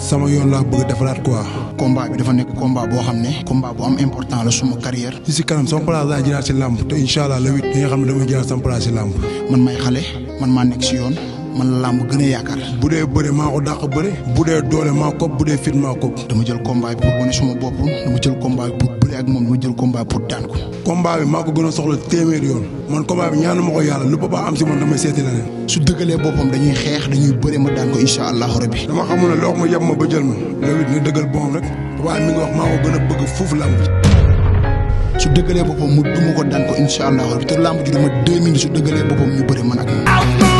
sama yoon laa bëgg defaraat quoi. combat bi dafa nekk combat boo xam ne. combat bu am important la suma carrière. si si kanam sama place laa jëlaat si làmb te incha allah le huit. nga xam ne damay jëlaat sama place si làmb. man may xale man maa nekk si yoon. man la làmb gën a yaakaar bu dee bëre maa ko dàq bëre bu dee doole maa ko bu dee fit maa ko dama jël combat bi pour wane suma bopp dama jël combat bi moom dama jël combat pour daan ko combat bi maa ko gën a soxla téeméer yoon man combat bi ñaanu ma ko yàlla lu papa am si man damay seeti la leen su dëggalee boppam dañuy xeex dañuy ma daan ko incha allahu rabbi dama xamul ne loo ma yem ma ba jël ma loolu dina dëggal boom rek papa mi ngi wax maa su dëggalee boppam mu duma ko daan ko incha allah te lamb ji dama deux minutes su dëggalee boppam ñu bëri man ak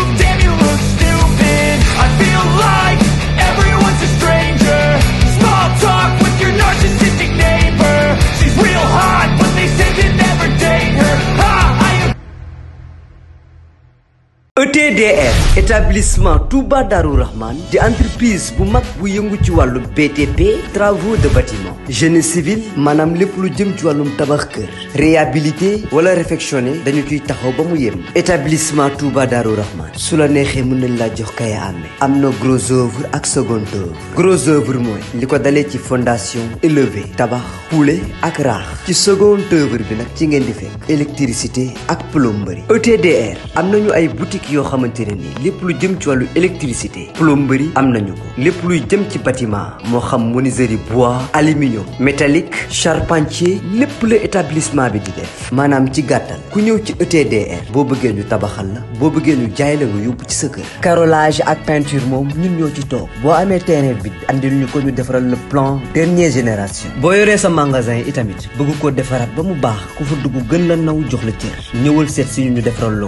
TDR établissement Touba Darou Rahman di entreprise bu mag bu yëngu ci wàllu BTP travaux de bâtiment génie civil maanaam lépp lu jëm ci wàllum tabax kër réhabilité wala réfectionné dañu ciy taxaw ba mu yem. établissement Touba Darou Rahman su la neexee mën nañ laa jox kaya amee am na gros œuvre ak second œuvre gros œuvre mooy li ko dalee ci fondation élevé tabax poule ak raax ci second œuvre bi nag ci ngeen di fekk électricité ak plomberie ETDR am nañu ay boutique yoo xamante ne nii lépp lu jëm ci wàllu électricité plomberie am nañu ko lépp luy jëm ci bâtiment moo xam menuiserie bois aluminium métallique charpentier lépp la établissement bi di def maanaam ci gàttal ku ñëw ci ETDR boo bëggee ñu tabaxal la boo bëggee nu jaay la nga yóbbu ci sa kër carrelage ak peinture moom ñun ñoo ci toog boo amee terrain bi andil ñu ko ñu defaral le plan dernière génération boo yoree sa magasin itamit bëgg ko defaraat ba mu baax ku fa dugg gën la naw jox la cër ñëwal seet ñu defaral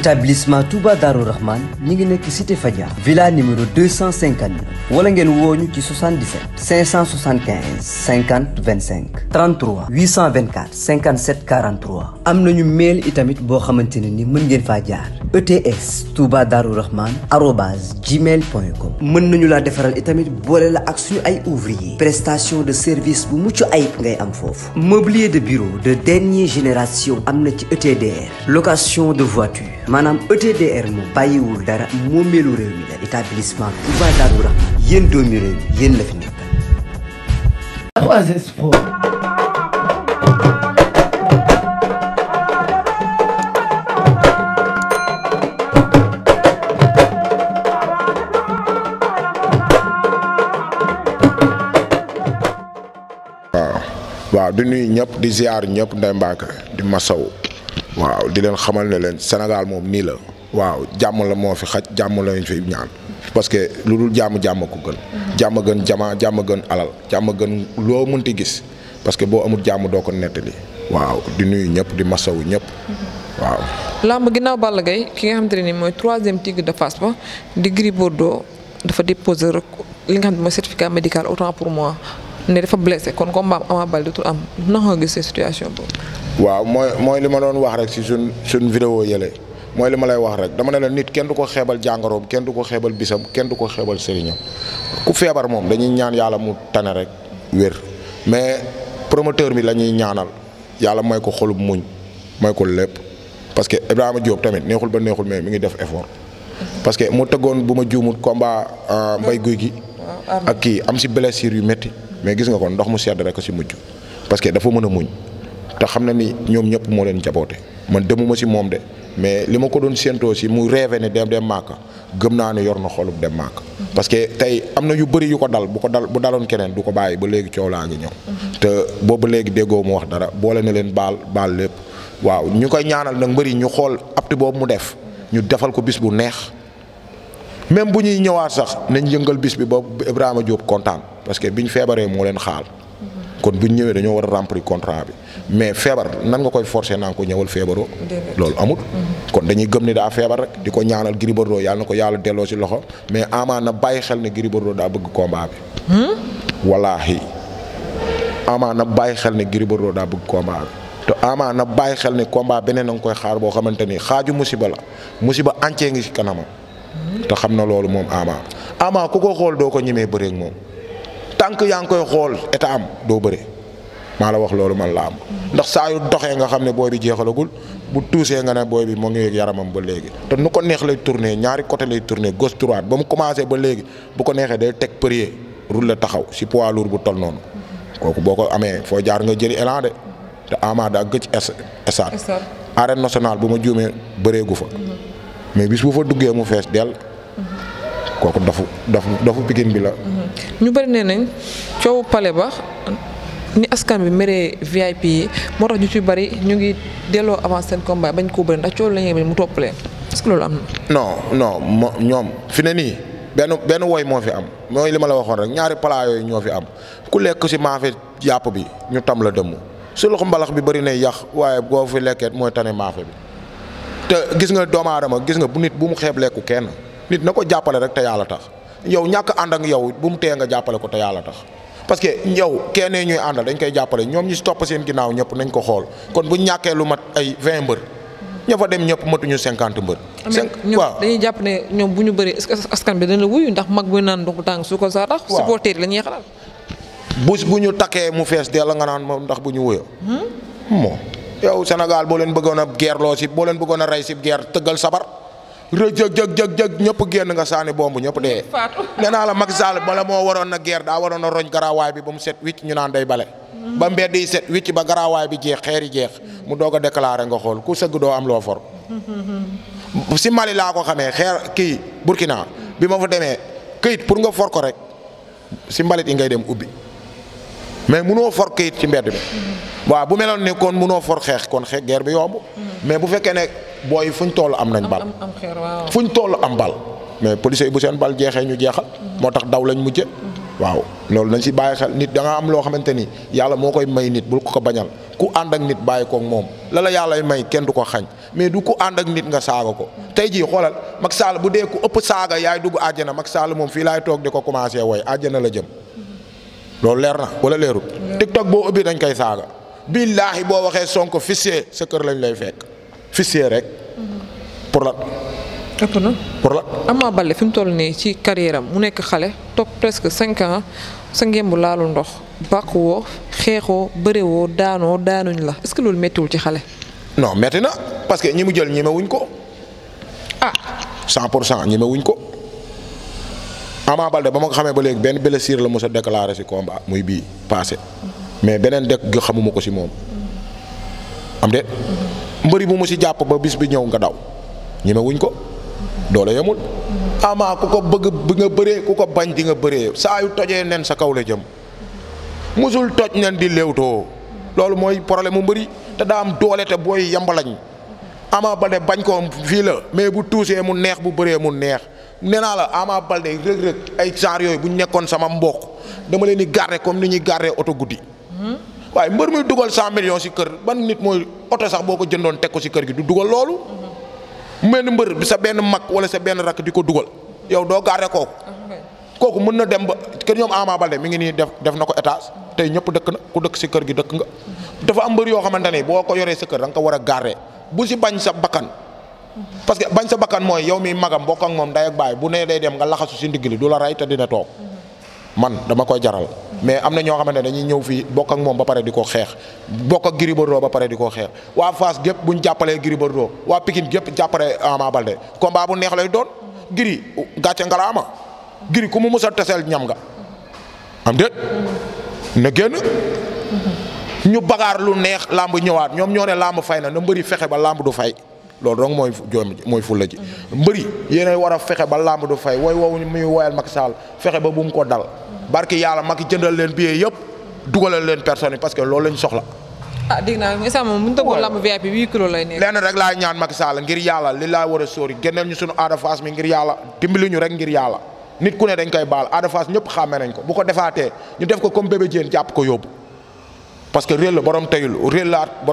établissement Touba Darou Rahman ñi ngi nekk cité Fadia villa numéro 259 wala ngeen wooñu ci 77 575 50 25 33 824 57 43 am nañu mail itamit boo xamante ne ni mën ngeen faa jaar ets Touba Darou Rahman arobase gmail point com mën nañu laa defaral itamit boole la ak suñu ay ouvrier prestation de service bu mucc ayib ngay am foofu mobilier de bureau de dernière génération am na ci ETDR location de voiture maanaam ETDR moom bàyyiwul dara moo meelu réew mi la établissement Touba Darou Rahman yéen doomi fi nekkal. 3 waaw di nuyu ñëpp di ziar ñëpp Ndeye Mbacke di masaw waaw di leen xamal ne leen Sénégal moom nii la waaw jàmm la moo fi xaj jàmm la ñu fi ñaan parce que lu dul jàmm jàmm ko gën jàmm gën jamaa jàmm gën alal jàmm gën loo mënti gis parce que boo amul jàmm doo ko nettali waaw di nuyu ñëpp di masawu ñëpp waaw làmb ginnaaw Balla Gaye ki nga xamante ne ni mooy troisième tigre de Fass ba di Gris Bordeaux dafa déposé rek li nga xam ne mooy certificat médical autant pour moi ne dafa blessé kon combat Ama Baldé dootul am na nga gisee situation boobu waaw mooy mooy li ma doon wax rek si suñ suñ vidéo yële mooy li ma lay wax rek dama ne la nit kenn du ko xeebal jàngoroom kenn du ko xeebal bisam kenn du ko xeebal sëriñam ku feebar moom dañuy ñaan yàlla mu tane rek wér mais promoteur bi la ñuy ñaanal yàlla may ko xolub muñ mooy ko lépp parce que Ibrahima Diop tamit neexul ba neexul mais mi ngi def effort parce que mu tegoon bu ma juumut komba euh, mbay guy gi ak kii am si blessure yu métti mais gis nga kon ndox mu sedd rek si mujj parce que dafa mën a muñ te xam na ni ñoom ñëpp moo leen jaboote man demuma si moom de mais li ma ko doon séentoo si mu rêvé ne dem Màkka gëm naa ne yor na xolub dem Màkka parce que tey am na yu bëri yu ko dal bu ko dal bu daloon keneen du ko bàyyi ba léegi coow laa ngi ñëw. te boobu léegi déggoo mu wax dara boole na leen baal baal lépp waaw ñu koy ñaanal nag mbëri ñu xool apte boobu mu def ñu defal ko bis bu neex. même bu ñuy ñëwaat sax nañ yëngal bis bi ba Ibrahima Diop kontaan parce que biñ feebaree moo leen xaal. kon bu ñu ñëwee dañoo war a remplir contrat bi mais feebar nan nga koy forcer naa ko ñëwal feebaroo. loolu amul. kon dañuy gëm ne daa feebar rek di ko ñaanal Gris Bordeaux yàlla na ko yàlla delloo si loxo mais Ama na bàyyi xel ne Gris Bordeaux daa bëgg combat bi. Hmm? wallaahi Ama na bàyyi xel ne Gris Bordeaux daa bëgg combat bi. te Ama na bàyyi xel ne combat beneen na nga koy xaar boo xamante ni xaaju musiba la musiba àncee ngi ci kanamam. te xam na loolu moom Ama Ama ku ko xool doo ko ñemee bëreek moom. tant yaa ngi koy xool état am doo bëre maa la wax loolu man la am ndax saa yu doxee nga xam ne booy bi jeexalagul bu tuusee nga ne booy bi moo ngi yëg yaramam ba léegi te nu ko neex lay tourner ñaari côté lay tourner gauche droite ba mu commencé ba léegi bu ko neexee day teg prier rul la taxaw si pois lour bu tol noonu kooku boo ko amee foo jaar nga jëli élan de te Ama daa gëj esaat arène nationale bu ma juumee bëreegu fa mhm. mais bis bu fa duggee mu fees dell mhm. kooku dofu dofu dofu pikin bi la. ñu bëri nee nañ coow pale ba ni askan bi meree VIP yi moo tax ñu ci bari ñu ngi delloo avant seen combat bañ koo bëri ndax coow la ñuy bañ mu toppalee est-ce que am na. non non mo ñoom fi ne nii benn benn woy moo fi am mooy li ma la waxoon rek ñaari pala yooyu ñoo fi am ku lekk si maafe yàpp bi ñu tam la dëmm su loxo mbalax bi bari na yàq waaye boo fi lekkee mooy tane maafe bi te gis nga doomu aadama gis nga bu nit bu mu xeeb lekku kenn. nit na ko jàppale rek te yàlla tax yow ñàkk ànd ak yow bu mu tee nga jàppale ko te yàlla tax parce que yow kenn ñuy àndal dañ koy jàppale ñoom ñi si topp seen ginnaaw ñëpp nañ ko xool kon bu ñàkkee lu mat ay 20 mbër ña fa dem ñëpp matuñu 50 mbër. waaw dañuy jàpp ne ñoom bu ñu bëree askan bi dana wuyu ndax mag bu naan ndox bu tàng su ko saa tax. waaw supporter la ñuy bu ñu takkee mu fees dell nga naan moom ndax bu ñu wuyoo. Hmm? moo yow Sénégal boo leen bëggoon a guerre loo si boo leen bëggoon a rey si guerre tëggal sabar rëjëg jëg jëg jëg génn nga saani bomb ñëpp dee. faatu la Macky Sall bala moo waroon na guerre daa waroon na roñ garaawaay bi ba mu set wicc ñu naan day bale. ba mbedd yi set wicc ba garaawaay bi jeex xeer yi jeex. mu doog a déclaré nga xool ku sëgg doo am loo for. si Mali laa ko xamee xeer kii Burkina bi ma fa demee këyit pour nga for ko rek si mbalit yi ngay dem ubbi mais munoo for këyit ci mbedd bi. waaw bu meloon ne kon munoo for xeex kon xeex bi yomb. bu fekkee booy fuñ toll am nañ bal ñu toll am bal mais policier bu seen bal jeexee ñu jeexal mhm. moo tax daw lañ mujje mhm. waaw loolu nañ si bàyyi xel nit da nga am loo xamante ni yàlla moo koy may nit bu ko ko bañal ku ànd ak nit bàyyi kook moom lala la yàlla may kenn du ko xañ mais du ku ànd ak nit nga saaga ko mhm. tey jii xoolal Macky Sall bu dee ku ëpp saaga yaay dugg àjjana mag Sall moom fii laay toog di ko commencé wooy àjjana la jëm loolu leer na wala leerul TikTok boo ubbi dañ koy saaga billaahi boo waxee Sonko fissé sa kër lañ lay fekk fichier rek. pour la. ëpp na pour la. Ama Baldé fi mu toll nii ci carrière am mu nekk xale toog presque cinq ans sa ngemb laalu ndox bàkkuwoo xeexoo woo daanoo daanuñ la est-ce que loolu méttiwul ci xale. non metti na parce que ñi mu jël ñemewuñ ko. ah 100 pour cent ñemewuñ ko. Ama Baldé ba ma ko xamee ba léegi benn blessure la mos a déclaré si combat muy bii passé mais beneen dëkk xamuma ko si moom. am de mbëri bu mu si jàpp ba bis bi ñëw nga daw ñeme wuñ ko doole yemul ama ku ko bëgg bi nga bëree ku ko bañ di nga bëree saa yu tojee nen sa kaw la jëm musul toj nen di léewtoo loolu mooy problème mu mbëri te daa am doole te booy yambalañ amaa Baldé bañ ko fii la mais bu tuusee mu neex bu bëree mu neex nee naa la Ama Baldé rëg-rëg ay genre yooyu bu ñu nekkoon sama mbokk dama leen di garder comme ni ñuy garder oto guddi. waaye mbër muy dugal cent millions si kër ban nit mooy oto sax boo ko jëndoon teg ko si kër gi du dugal loolu. mel ni mbër sa benn mag wala sa benn rakk di ko dugal. yow doo garder kooku. kooku mën na dem ba kër ñoom Ama Baldé mi ngi nii def def na ko étage tey ñëpp dëkk na ku dëkk si kër gi dëkk nga. dafa am mbër yoo xamante ne boo ko yoree sa kër da nga ko war a garder bu si bañ sa bakkan. parce que bañ sa bakkan mooy yow mi magam bokk ak moom day ak baay bu nee day dem nga laxasu si ndigg li du la rey te dina toog man dama koy jaral. mais am na ñoo xamante ne dañuy ñëw fii bokk ak moom ba pare di ko xeex bokk ak Gris Bordeaux ba pare di ko xeex waa Fass gépp bu ñu jàppalee Gris Bordeaux waa Pikine gépp jàppale Ama Baldé combat bu neex lay doon Gris gàcce ngalaama Gris ku mu mës a ñam nga am déet ñu bagaar lu neex làmb ñëwaat ñoom ñoo ne làmb fay na na mbëri fexe ba làmb du fay loolu dong mooy joom mooy fulla ji mbëri yéen a war fexe ba làmb du fay wooy woowu muy woyal mag Sall fexe ba bu mu ko dal barki yàlla Macky jëndal leen billet yëpp dugalal leen personne yi parce que loolu lañ soxla. ah dégg naa Issa moom bu ñu tëggoon lamb VIP bi 8 kilos lay nekk. lenn rek laay ñaan Macky Sall ngir yàlla li laa war a sóori génneel ñu suñu Ada Fass mi ngir yàlla dimbali ñu rek ngir yàlla nit ku ne dañ koy baal Ada Fass ñëpp xàmme nañ ko bu ko defaatee ñu def ko comme bébé jàpp ko yóbbu parce que réel la borom tayul réel la at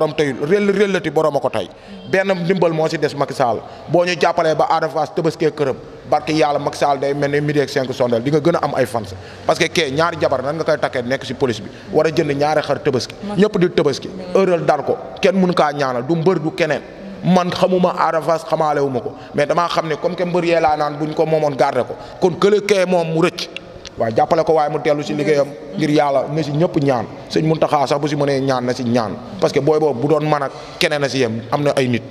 borom a ko tey benn ndimbal moo si des Macky Sall boo ñu jàppalee ba Ada Fass tëbaskee këram barke yàlla Macky Sall day mel ne midi ak cinq sondeel di nga gën a am ay fans parce que kee ñaari jabar nan nga koy takkee nekk si police bi war a jënd ñaari xar tëbaski ñëpp di tëbaski heural dal ko kenn mun kaa ñaanal du mbër du keneen man xamuma Ada Fass xamaale wu ma ko mais damaa xam ne comme que mbër yee laa naan buñ moomoon garder ko kon kële kee waaw jàppale ko waaye mu tellu si liggéeyam ngir yàlla na si ñëpp ñaan sëñ Muntaxa sax bu si mënee ñaan na si ñaan que booy boobu bu doon mën ak keneen a si yem am na ay nit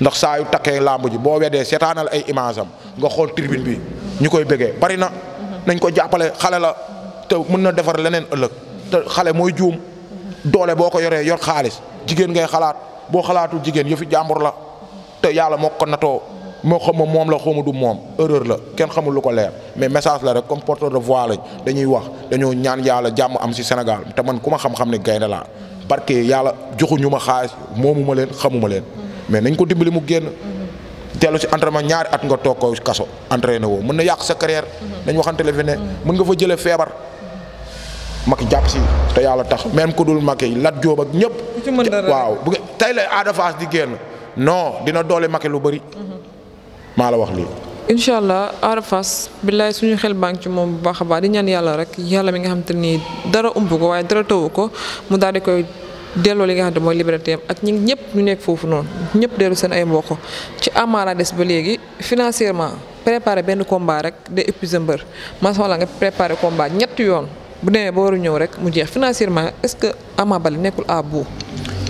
ndax saa yu takkee làmb ji boo weddee seetaanal ay image am nga xool tribune bi ñu koy bëggee bari na mhm. nañ ko jàppale xale la te mën na defar leneen ëllëg te xale mooy juum mhm. doole boo ko yoree yor xaalis jigéen ngay xalaat boo xalaatu jigéen yëfu jàmbur la te yàlla moo ko natoo moo xamuma moom la xawma du moom erreur la kenn xamul lu ko leer mais message la rek comme porteur de voix lañ dañuy wax dañoo ñaan yàlla jàmm am si Sénégal te man ku ma xam-xam ne gaynde laa parce que yàlla joxuñu ma xaalis moomu ma leen xamuma leen mais nañ ko dimbali mu génn teelu si ma ñaari at nga toog ko kaso entraîné woo mën na yàq sa carrière nañ waxante la fi ne mën nga fa jëlee feebar Macky jàpp si te yàlla tax même ku dul Macky Lat Diop ak ñëpp waaw bu tey la Ada Fass di génn non dina doole Macky lu bëri maa la wax lii. incha allah Ada billaay suñu xel baa ci moom bu baax a baax di ñaan yàlla rek yàlla mi nga xam te ni dara ump ko waaye dara tawu ko mu daal di koy delloo li nga xam te mooy liberté am ak ñi ñëpp ñu nekk foofu noonu ñëpp dellu seen ay mbokk ci Ama la des ba léegi financièrement préparer benn combat rek day épuisé mbër macha nga préparer combat ñetti yoon bu demee ba waru ñëw rek mu jeex financièrement est-ce que Ama nekkul à bout.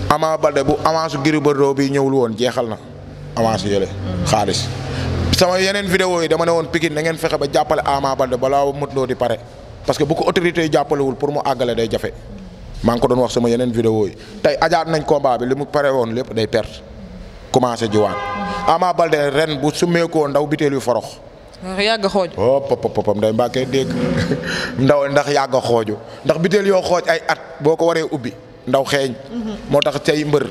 Ama bu avance Gris Bordeaux bi ñëwul woon jeexal na avance sama yeneen vidéo yi dama ne woon Pikine na fexe ba jàppale Ama Baldé balaa Modou Lo di pare parce que bu ko autorité yi jàppalewul pour mu àggale day jafe maa ngi ko doon wax sama yeneen vidéo yi tey ajaat nañ combat bi li mu pare woon lépp day perte commencé jiwaan Ama Baldé ren bu summeekoo ndaw biteel yu forox yàgg xooj oh pop pop nday mbàkkee dégg ndax yàgg xooju ndax biteel yoo xooj ay at boo ko waree ubbi ndaw xeeñ mhm. moo tax tey mbër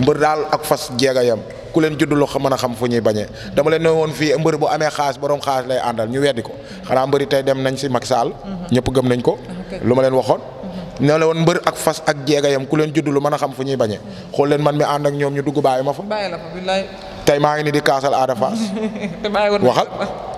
mbër daal ak fas jeega yam ku leen judd lu mën a xam fu ñuy bañee dama leen ne woon fii mbër bu amee xaas borom xaas lay àndal ñu weddi ko xanaa mbëri tey dem nañ si Macky Sall mhm. ñëpp gëm nañ ko lu ma leen waxoon mhm. ne la woon mbër ak fas ak jeega yam ku leen judd lu mën a xam fu ñuy bañee mhm. xool leen man mi ànd ak ñoom ñu dugg bàyyi ma fa tey maa ngi ni di kaasal aada faas waxal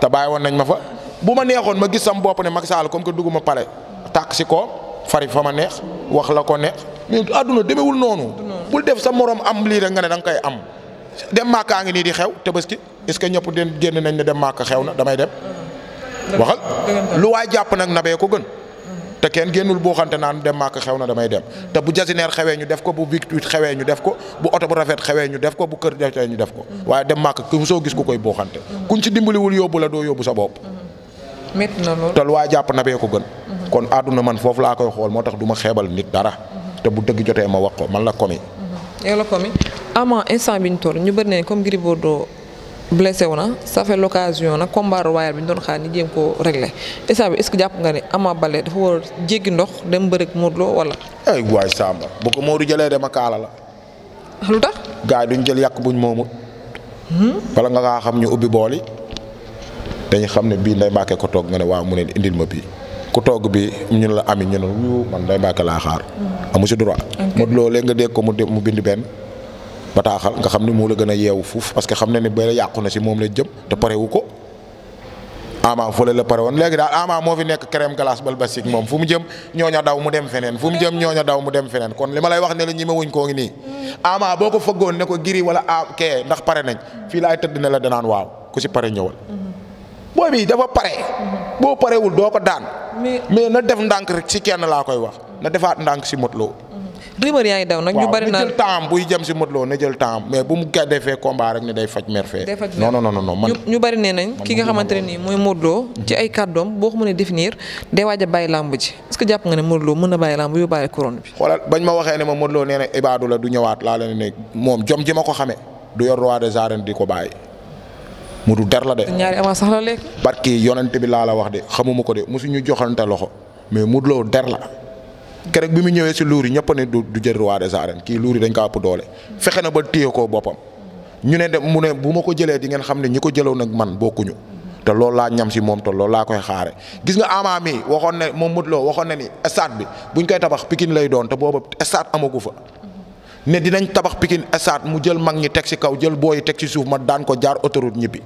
te bàyyi woon nañ ma fa bu ma neexoon ma gis sam bopp ne Macky Sall comme que ma pare tàkk si ko fari fa ma neex wax la ko neex mais àdduna demewul noonu bul def sa moroom am lii rek nga ne danga nga koy am dem màkkaa ngi nii di xew tabaski est-ce que ñëpp den génn nañ ne dem màkka xew na damay dem mm-hmm. waxal lu waay jàpp nag nabee ko gën mm-hmm. te kenn génnul boo xante naan dem màkk xew na damay dem mm-hmm. te bu jasineer xewee ñu def ko bu victuit xewee ñu def ko bu oto bu rafet xewee ñu def ko bu kër defee ñu def ko waaye dem màkk ku soo gis ku koy boo xante kuñ ci dimbaliwul yóbbu la doo yóbbu sa bopp métti na loolu te lu waay jàpp nabee ko gën kon àdduna man foofu laa koy xool moo tax du ma xeebal nit dara te bu dëgg jotee ma wax ko man la komi yàlla ko mi ama instant bi ñu toll ñu bëri nañ comme Gris Bordeaux blessé wu na ça fait l'occasion nag combat royal bi ñu doon xaar ni jéem koo réglé instant bi est-ce jàpp nga ne Ama bale dafa war a ndox dem bëri ak Modou Lo wala. ay waay Samba bu ko Modou jëlee dama kaala la. Ah, lu tax. gars yi duñ jël yàq buñ moomu. Hmm? bala nga kaa xam ñu ubbi bool dañ xam ne bii nday Mbàkke ko toog nga ne waaw mu ne indil ma bii. ku toog bi ñun la ami ñu ne wuu man day Mbacké laa xaar. Mm-hmm. amu si droit. Modou Lo léegi nga dégg ko mu bind benn bataaxal nga xam ni moo la gën a yeewu fuuf parce que xam na ne ba yàqu na si moom la jëm te parewu ko. ama fële la pare woon léegi daal ama moo fi nekk crème glace bal moom fu mu jëm ñooña daw mu dem feneen fu mu jëm ñooña daw mu dem feneen kon li ma lay wax ne la ñi ma wuñ koo ngi nii mm-hmm. ama boo ko fëggoon ne ko giri wala a kee ndax pare nañ fii laay tëdd ne la danaan waaw ku si pare ñëwal mm-hmm. booy bi dafa pare. boo parewul doo ko daan. mais na def ndànk rek ci kenn laa koy wax na defaat ndànk si Modou Lo. Mm-hmm. rumeur ngi daw nag ñu bari na jël temps buy jëm na jël temps mais bu mu defee combat rek ne day faj mer fee. day faj non non ñu bari nee nañ ki nga xamante ne nii mooy Modou Lo ci mm-hmm. ay doom boo ko mënee définir day waaj a bàyyi làmb ji est que jàpp nga ne Modou mën na bàyyi làmb yóbbaale couronne bi. bañ ma waxee ne ma Modou Lo nee na ibaadu la du ñëwaat laa leen ne moom jom ji ma ko xamee du yor roi des di ko bàyyi mu du der la de. ñaari avance sax la léegi. barki yonent bi laa la wax de xamuma ko de mosuñu joxante loxo mais Modou Lo der la keroog bi mu ñëwee si luur yi ñëpp ne du du jël roi des arènes kii luur yi dañ ko ëpp doole. fexe na ba téye ko boppam. ñu ne de mu ne bu ma ko jëlee di ngeen xam ne ñi ko jëloon nag man bokkuñu. te loolu laa ñam si moom te loolu laa koy xaare gis nga Ama mi waxoon ne moom Modou Lo waxoon na ni stade bi buñ koy tabax Pikine lay doon boobu stade amagu fa. ne dinañ tabax pikin stade mu jël mag ñi teg ci kaw jël booy teg ci suuf ma daan ko jaar autoroute ñibbi.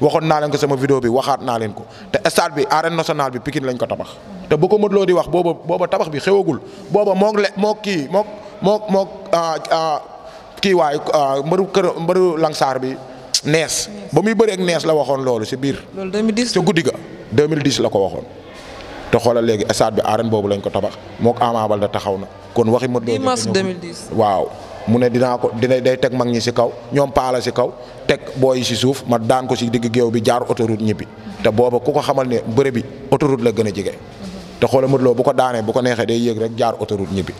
waxoon naa leen ko sama vidéo bi waxaat naa leen ko te stade bi arène nationale bi Pikine lañ ko tabax. te bu ko Modou Lo di wax booba booba tabax bi xewagul booba moog le moog kii moog moog moog ah, ah, kii waay ah, mbëru kër mbëru langsaar bi nees. ba muy bëri ak nees la waxoon loolu ci biir. loolu 2010 ca guddi ga 2010 la ko waxoon. te xoolal léegi stade bi arène boobu lañ ko tabax mook Ama Baldé taxaw na kon waxi Modou Lô kaw ñoom si kaw teg booyi si suuf ma daan ko si digg géew bi jaar autoroute ñibbi te booba ku ko xamal ne bëre bi autoroute la gën a jege te xoolal Modou bu ko daanee bu ko neexee day yéeg rek jaar autoroute ñibbi.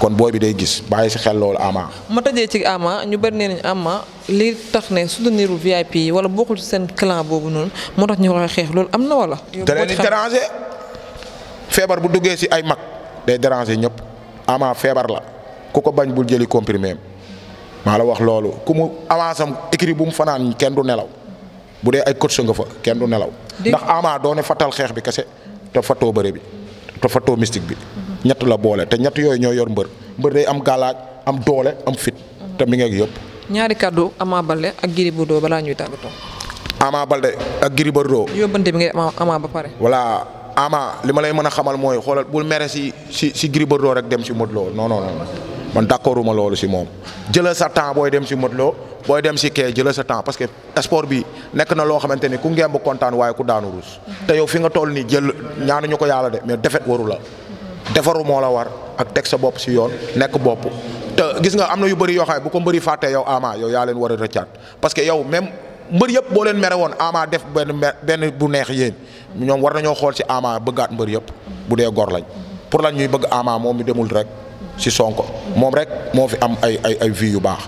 kon booy bi day gis bàyyi si xel loolu ma tëjee ci Ama ñu bari nee nañu Ama li tax ne soutenir VIP yi wala bokkul si seen clan boobu noonu moo tax ñu koy xeex loolu am na wala. te leen feebar bu duggee si ay mag day déranger ñëpp ama feebar la ku ko bañ bul jëli comprimé maa la wax loolu ku mu avance am écrit bu mu fanaan kenn du nelaw bu dee ay coach nga fa kenn du nelaw. ndax ama doone fatal xeex bi kese te fatoo bëre bi te fatoo mystique bi. Mhm. ñett la boole te ñett yooyu ñoo yor mbër mbër day am gàllaaj am doole am fit. te bi ngi yëpp. ñaari kàddu Ama Baldé ak Gris Bordeaux balaa ñuy tàggatoo. Ama Baldé ak ba pare. voilà. ama li ma lay mën a xamal mooy xoolal bul mere si si si Gris Bordeaux rek dem si Modou Lo non man d'accorduma loolu si moom jëlal sa temps booy dem si Modou Lo booy dem si kee jëlal sa temps parce que bi nekk na loo xamante ni ku ngemb kontaan waaye ku daanu ruus te yow fi nga toll nii jël ñaanuñu ko yàlla de mais defet waru la defaru moo la war ak teg sa bopp si yoon nekk bopp te gis nga am na yu bëri yoo xam bu ko mbëri fàttee yow ama yow yaa a mbër yëpp boo leen mere woon ama def benn benn bu neex yéen ñoom war nañoo xool ci ama bëggaat mbër yëpp bu dee gor lañ pour lañ ñuy bëgg ama moom mi demul rek ci Sonko moom rek moo fi am ay ay ay vie yu baax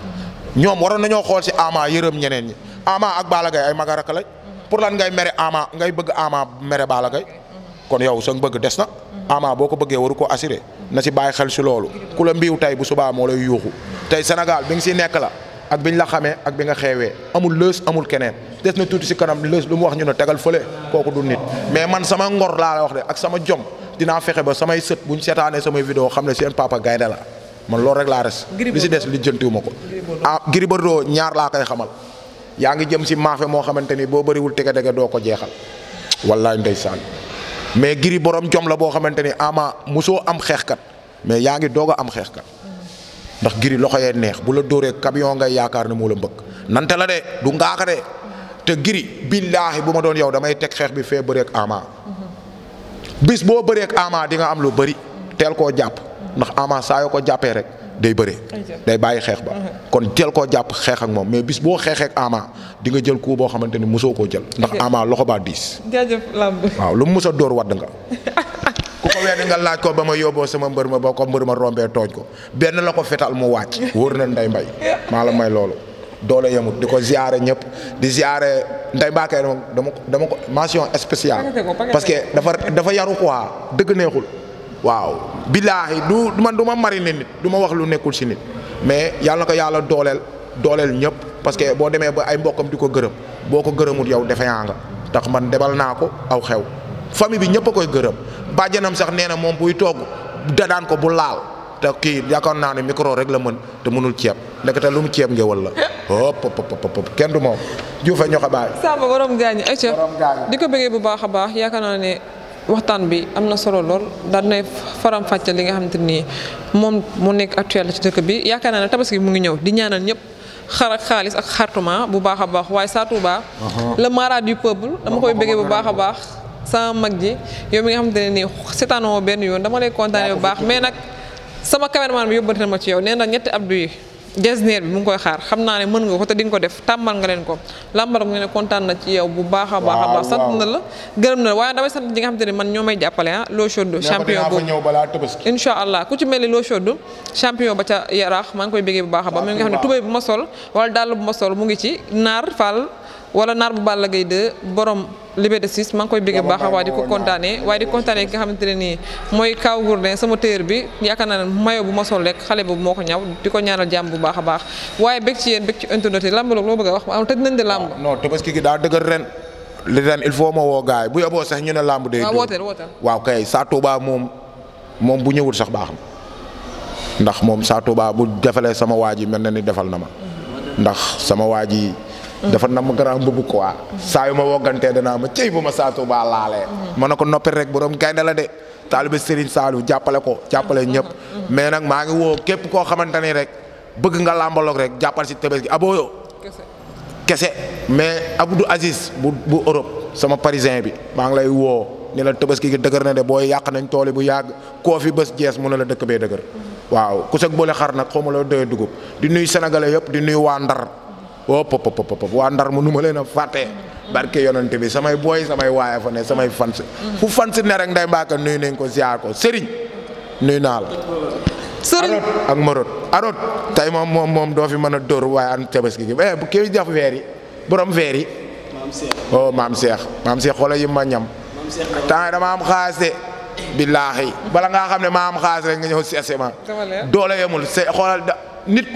ñoom waroon nañoo xool ci ama yërëm ñeneen ñi ama ak Balla Gaye ay magaraka lañ pour lan ngay mere ama ngay bëgg ama mere Balla Gaye kon yow sa bëgg des na ama boo ko bëggee waru ko assuré na ci bàyyi xel ci loolu ku la mbiiw tey bu subaa moo lay yuuxu tey Sénégal bi nga ci nekk la ak bi ñu la xamee ak bi nga xeewee amul lës amul keneen des na tuuti si kanam lës lu mu wax ñu ne tegal fële kooku du nit mais man sama ngor laa wax de ak sama jom dinaa fexe ba samay sët buñ setaanee samay vidéo xam ne seen papa gaynde la man loolu rek laa res li si des li jëntiwuma ko ah Gris Bordeaux ñaar laa koy xamal yaa ngi jëm si maafe moo xamante ni boo bëriwul tege dege doo ko jeexal wallaay ndeysaan mais Gris borom jom la boo xamante ni ama mosoo am xeexkat mais yaa ngi doog a am xeexkat ndax giri loxo yee neex bu la dóoree camion ngay yaakaar ne moo la mbëkk nante la de du ngaaka de te giri billaahi bu ma doon yow damay teg xeex bi fee bëreek ama bis boo bëreek ama di nga am lu bëri teel koo jàpp ndax ama saa yoo ko jàppee rek day bëree day bàyyi xeex ba kon teel koo jàpp xeex ak moom mais bis boo xeexeek ama di jël coup boo xamante ni mosoo koo jël ndax ama loxo baa diis waaw lu mu mos a dóor wadd nga ku ko wedd nga laaj ko ba ma yóbboo sama mbër ma ba ko mbër ma rombee tooñ ko benn la ko fetal mu wàcc wóor na nday mbay maa la may loolu doole yemut di ko ziare ñëpp di ziare nday mbaakee dama dama ko mention spéciale parce que dafa dafa yaru quoi dëgg neexul waaw billaahi du man du ma marine nit du ma wax lu nekkul si mais yàlla ko yàlla dooleel dooleel ñëpp parce que boo demee ba ay mbokkam di ko gërëm boo ko gërëmut yow defe nga tax man debal naa ko aw xew famille bi ñëpp koy gërëm bàjjanam sax nee na moom buy togg da daan ko bu laal te kii yaakaar naa ne micro rek la mën te mënul ceeb ndekete lu mu ceeb ngéwal la hop hop hop kenn du moom juufa ñoo xabaay Samba borom gaañu ayca di ko bëggee bu baax a baax yaakaar naa ne waxtaan bi am na solo lool daal dinay faram fàcce li nga xam ni moom mu nekk actuel ci dëkk bi yaakaar naa ne tabaski mu ngi ñëw di ñaanal ñëpp xar ak xaalis ak xartuma bu baax a baax waaye saa uh-huh. bu baax a baax sama mag ji yow mi nga xamante ne nii seetaanoo benn yoon dama lay kontaanee bu baax mais nag sama cameraman bi yóbbante na ma ci yow nee na ñetti abdu yi gesneer bi mu ngi koy xaar xam naa ne mën nga ko te di nga ko def tàmmal nga leen ko làmbar nga ne kontaan na ci yow bu baax a baax a la gërëm na la waaye damay sant nga xamante ne man ñoo may jàppale ah loo chaude champion boobu incha allah ku ci mel ni loo chaude ba ca yaraax maa ngi koy béggee bu baax a baax mi xam ne tubéy bu ma sol wala dàll bu ma sol mu ngi ci naar fall wala naar bu Balla Gaye 2 borom Liberté 6 maa ngi koy bëgg bu baax waaye di ko kontaanee waaye di kontaanee ki nga xamante ne nii mooy Kaw Gourdin sama téer bi yaakaar na ne mayo bu ma sol lekk xale boobu moo ko ñaw di ko ñaanal jàmm bu baax a baax waaye bëgg ci yéen bëgg ci internet yi lamb loo bëgg a wax am tëj nañ de lamb non tabaski gi daa dëgër ren li ren il faut ma woo gaay bu yoboo sax ñu ne lamb day wooteel wooteel waaw kay saa Touba moom moom bu ñëwul sax baax na ndax moom saa Touba bu defalee sama waa ji mel na ni defal na ma ndax sama waa ji dafa nam grand bubu quoi. saa yu ma woggantee danaa ma cëy bu ma saa baa laalee. ma ne ko noppi rek borom gaynde la de. taalibe Serigne Saliou jàppale ko jàppale ñëpp. mais nag maa ngi woo képp koo xamante ni rek bëgg nga làmbaloog rek jàppal si tebes gi abooyo. kese mais Abdou Aziz bu bu Europe sama parisien bi maa ngi lay woo ni la tabaski ki dëgër na de booy yàq nañ tool bu yàgg koo fi bés jees mu ne la dëkk bee dëgër waaw ku sag boole xar nag xaw ma la doyee dugub di nuyu sénégalais yëpp di nuyu waa Ndar. Oh, waa ndar mu nu ma leen a fàttee barke yonante bi samay booy samay waaya fa samay fans fu fans ne rek nday mbaaka nuyu nañ ko ziar ko sëriñ nuyu naa la sëriñ ak marot arot tey moom moom moom doo fi mën a dóor waaye an tabaski gi bu eh, kii jaf veer yi borom veer yi oh maam Cheikh maam Cheikh xoolal yi ma ñam temps dama am xaalis de billaahi bala ngaa xam ne ma am xaalis rek nga ñëw seese ma doole yemul se xoolal da nit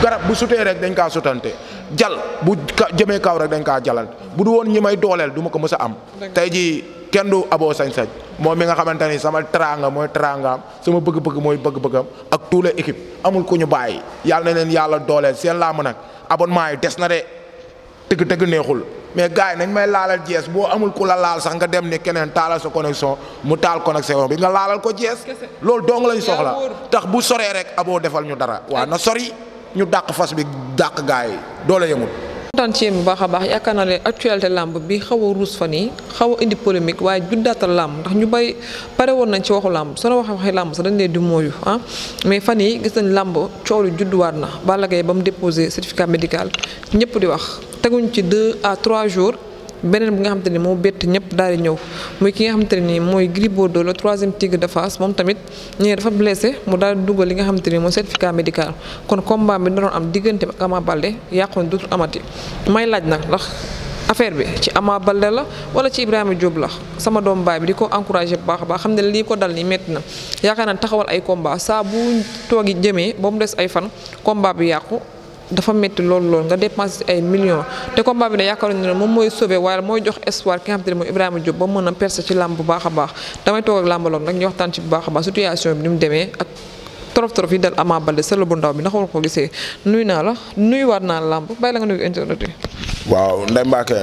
garab bu sutee rek dañ kaa sutante jal bu jëmee kaw rek dañ kaa jalal bu du woon ñi may dooleel du ma ko mës a am tey jii kenn du aboo sañ moom mi nga xamante ni sama teraanga mooy teraangaam sama bëgg-bëgg mooy bëgg-bëggam ak tout les équipe amul ku ñu bàyyi yàlla na leen yàlla dooleel seen laa làmb nag abonnement yi des na de tëgg-tëgg neexul mais gars yi nañ may laalal jees boo amul ku la laal sax nga dem ni keneen taalal sa connexion mu taal connexion bi nga laalal ko jees loolu dong lañ soxla tax bu soree rek aboo defal ñu dara ñu dàq fas bi dàq gaay yi doole yemul. kontaan ci yéen bu baax a baax yaakaar na ne actualité làmb bi xaw a ruus fan yi xaw a indi polémique waaye juddaatal làmb ndax ñu bay pare woon nañ ci waxu làmb soo waxee waxi làmb sax dañ leen du mooyu ah mais fan yi gis nañ làmb coow lu judduwaat na Balla Gaye ba mu déposé certificat médical ñëpp di wax teguñ ci deux à trois jours. beneen bi nga xamante ni moo bett ñëpp daal di ñëw muy ki nga xamante ne nii mooy Gris Bordeaux le troisième Tigre de Fass moom tamit ñee dafa blessé mu daal di dugal li nga xamante ni mooy certificat médical kon combat bi da doon am diggante amaa Ama Baldé yàqoon dootul amati may laaj nag ndax affaire bi ci amaa Baldé la wala ci Ibrahima Diop la sama doomu baay bi di ko encouragé bu baax a baax xam ne lii ko dal ni métti na yaakaar naa taxawal ay kombaa saa bu toogi jëmee ba mu des ay fan combat bi yàqu dafa métti loolu loolu nga dépensé ay millions te combat bi ne yaakaaroon ne moom mooy sauvé waaye mooy jox espoir ki nga xam te ne mooy Ibrahima Diop ba mën a percer ci làmb bu baax a baax damay toog nag ñu waxtaan ci bu baax a baax mu demee ak torof torof yi dal Ama Baldé sël bu ndaw bi ndax war gisee nuyu naa la nuyuwaat naa la làmb bàyyi la nga nuyu internet yi. waaw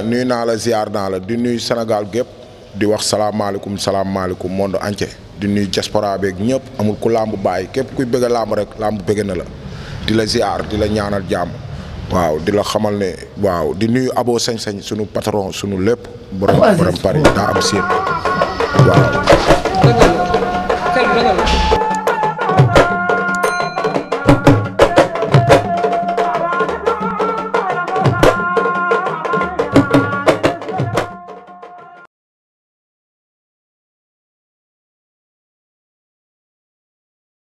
nuyu naa la ziar naa di nuyu Sénégal gépp di wax salaamaaleykum salaamaaleykum monde entier di nuyu diaspora beeg ñëpp amul ku làmb bàyyi képp kuy bëgg làmb rek làmb bëgg na la di la ziar di la ñaanal jàmm waaw di la xamal ne waaw di nuyu aboo sañ-sañ sunu patron sunu lépp. borom borom daa am séet waaw.